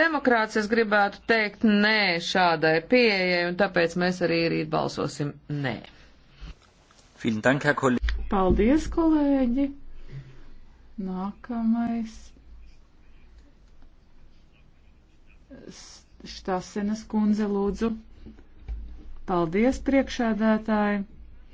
Demokrāts es gribētu teikt nē šādai pieejai, un tāpēc mēs arī rīt balsosim nē. Paldies, kolēģi! Nākamais. Štasenes kundze lūdzu. Paldies, priekšādētāji!